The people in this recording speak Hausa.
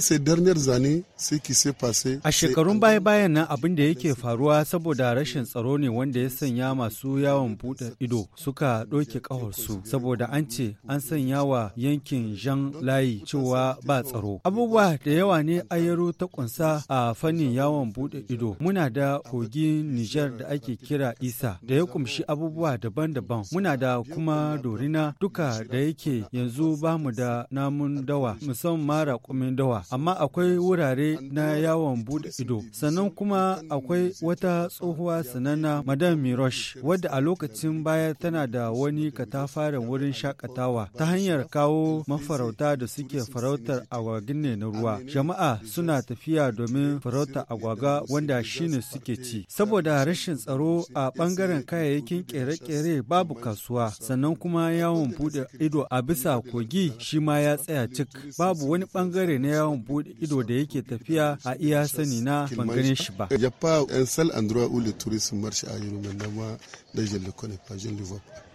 A shekarun baya-bayan nan abin da yake faruwa saboda rashin tsaro ne wanda ya sanya masu yawon bude ido suka ɗauke ƙawarsu saboda an ce an sanya wa yankin jean Layi cewa ba tsaro. Abubuwa da yawa ne ayyaro ta kunsa a fannin yawon bude ido. Muna da kogin Nijar da ake kira Isa da ya kumshi abubuwa daban-daban. Muna da kuma Dorina duka da yake yanzu bamu da namun dawa musamman mara dawa. amma akwai wurare na yawon bude ido. Sannan kuma akwai wata tsohuwa sanana Madam Mirosh wadda a lokacin baya tana da wani katafaren wurin shakatawa ta hanyar kawo mafarauta da suke farautar agwagin ne na ruwa. Jama'a suna tafiya domin farautar agwaga wanda shine suke ci. Saboda rashin tsaro a bangaren kayayyakin kere-kere babu kasuwa sannan kuma yawon bude ido a bisa kogi shi ma ya tsaya cik. Babu wani bangare na yawon bude ido da yake tafiya a iya sani na ban shi ba. Japan, un seul endroit où le tourisme marche à da dans le connais pas,